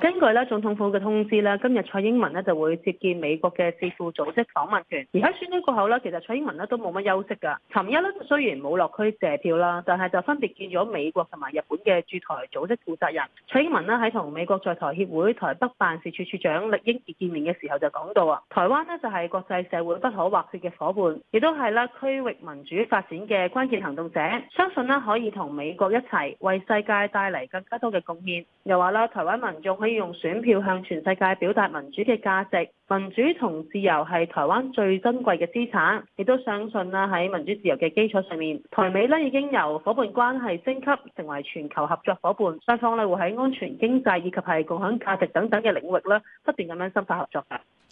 根據咧總統府嘅通知咧，今日蔡英文咧就會接見美國嘅智庫組織訪問團。而喺選舉過後咧，其實蔡英文咧都冇乜休息噶尋日咧雖然冇落區借票啦，但係就分別見咗美國同埋日本嘅駐台組織負責人。蔡英文咧喺同美國在台協會台北辦事處處處長力英傑見面嘅時候就講到啊：，台灣咧就係國際社會不可或缺嘅夥伴，亦都係咧區域民主發展嘅關鍵行動者。相信咧可以同美國一齊為世界帶嚟更加多嘅貢獻。又話咧台灣民眾去，可以用選票向全世界表達民主嘅價值，民主同自由係台灣最珍貴嘅資產，亦都相信啦喺民主自由嘅基礎上面，台美咧已經由伙伴關係升級成為全球合作伙伴，雙方咧會喺安全、經濟以及係共享價值等等嘅領域咧不斷咁樣深化合作。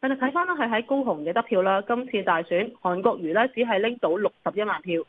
但係睇翻啦，係喺高雄嘅得票啦。今次大選，韓國瑜呢只係拎到六十一萬票，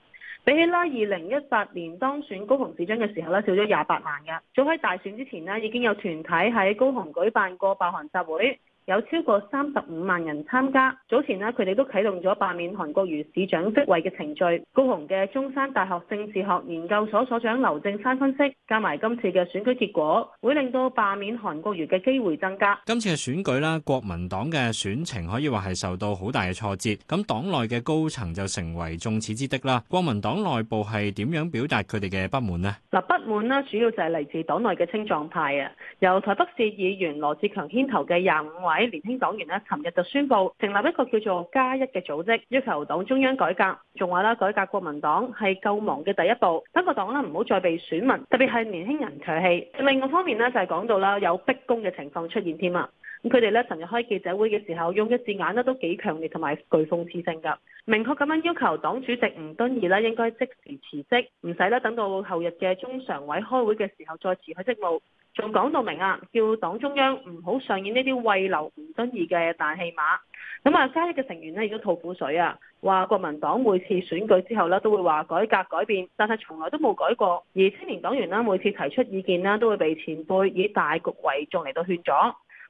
比起啦二零一八年當選高雄市長嘅時候呢少咗廿八萬㗎。早喺大選之前呢，已經有團體喺高雄舉辦過爆韓集會。有超過三十五萬人參加。早前咧，佢哋都啟動咗罷免韓國瑜市長職位嘅程序。高雄嘅中山大學政治學研究所所長劉正山分析，加埋今次嘅選舉結果，會令到罷免韓國瑜嘅機會增加。今次嘅選舉咧，國民黨嘅選情可以話係受到好大嘅挫折。咁黨內嘅高層就成為眾矢之的啦。國民黨內部係點樣表達佢哋嘅不滿呢？嗱，不滿咧，主要就係嚟自黨內嘅青壯派啊。由台北市議員羅志強牽頭嘅廿五位，位年輕黨員咧，琴日就宣布成立一個叫做加一嘅組織，要求黨中央改革，仲話啦，改革國民黨係救亡嘅第一步，等個黨呢唔好再被選民，特別係年輕人唾棄。另外方面呢，就係講到啦，有逼宮嘅情況出現添啊。咁佢哋咧，成日開記者會嘅時候，用嘅字眼咧都幾強烈，同埋具諷刺性噶，明確咁樣要求黨主席吳敦義呢應該即時辭職，唔使咧等到後日嘅中常委開會嘅時候再辭去職務。仲講到明啊，叫黨中央唔好上演呢啲慰留吳敦義嘅大戲碼。咁啊，嘉義嘅成員呢，亦都吐苦水啊，話國民黨每次選舉之後呢都會話改革改變，但係從來都冇改過。而青年黨員呢，每次提出意見呢，都會被前輩以大局為重嚟到勸阻。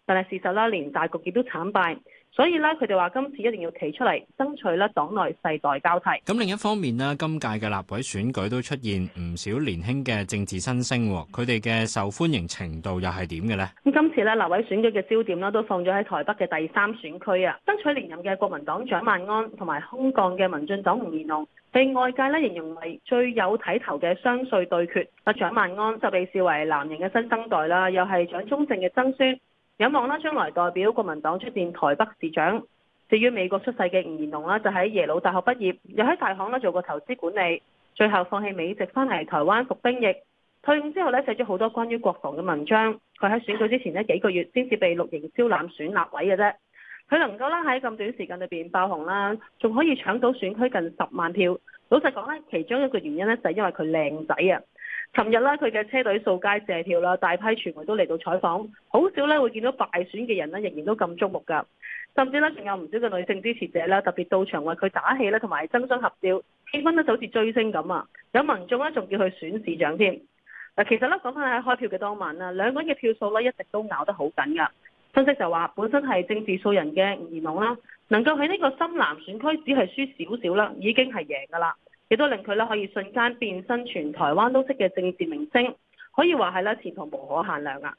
但係事實啦，連大局亦都慘敗，所以咧，佢哋話今次一定要企出嚟爭取咧，黨內世代交替。咁另一方面呢，今屆嘅立委選舉都出現唔少年輕嘅政治新星，佢哋嘅受歡迎程度又係點嘅呢？今次咧，立委選舉嘅焦點咧都放咗喺台北嘅第三選區啊，爭取連任嘅國民黨蔣萬安同埋空降嘅民進黨，黨吳彥龍，被外界咧形容為最有睇頭嘅雙帥對決。阿蔣萬安就被視為藍營嘅新生代啦，又係蔣中正嘅曾孫。有望啦，將來代表國民黨出戰台北市長。至於美國出世嘅吳彥龍啦，就喺耶魯大學畢業，又喺大行啦做過投資管理，最後放棄美籍返嚟台灣服兵役。退伍之後咧，寫咗好多關於國防嘅文章。佢喺選舉之前呢幾個月，先至被綠營招攬選立委嘅啫。佢能夠啦喺咁短時間裏邊爆紅啦，仲可以搶到選區近十萬票。老實講，呢其中一個原因呢，就係因為佢靚仔啊！昨日咧，佢嘅車隊掃街謝票啦，大批傳媒都嚟到採訪，好少咧會見到敗選嘅人咧，仍然都咁矚目噶。甚至呢，仲有唔少嘅女性支持者咧，特別到場為佢打氣咧，同埋爭相合照，氣氛咧就好似追星咁啊！有民眾咧仲叫佢選市長添。嗱，其實咧講翻喺開票嘅當晚啦，兩個人嘅票數咧一直都咬得好緊噶。分析就話，本身係政治素人嘅吳怡農啦，能夠喺呢個深藍選區只係輸少少啦，已經係贏噶啦。亦都令佢咧可以瞬間變身全台灣都識嘅政治明星，可以話係咧前途無可限量啊！